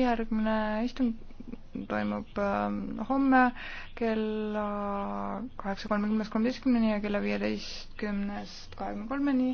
järgmine istung toimub äh, homme kella kaheksa kolmekümnest kolmeteistkümneni ja kella viieteistkümnest kahekümne kolmeni.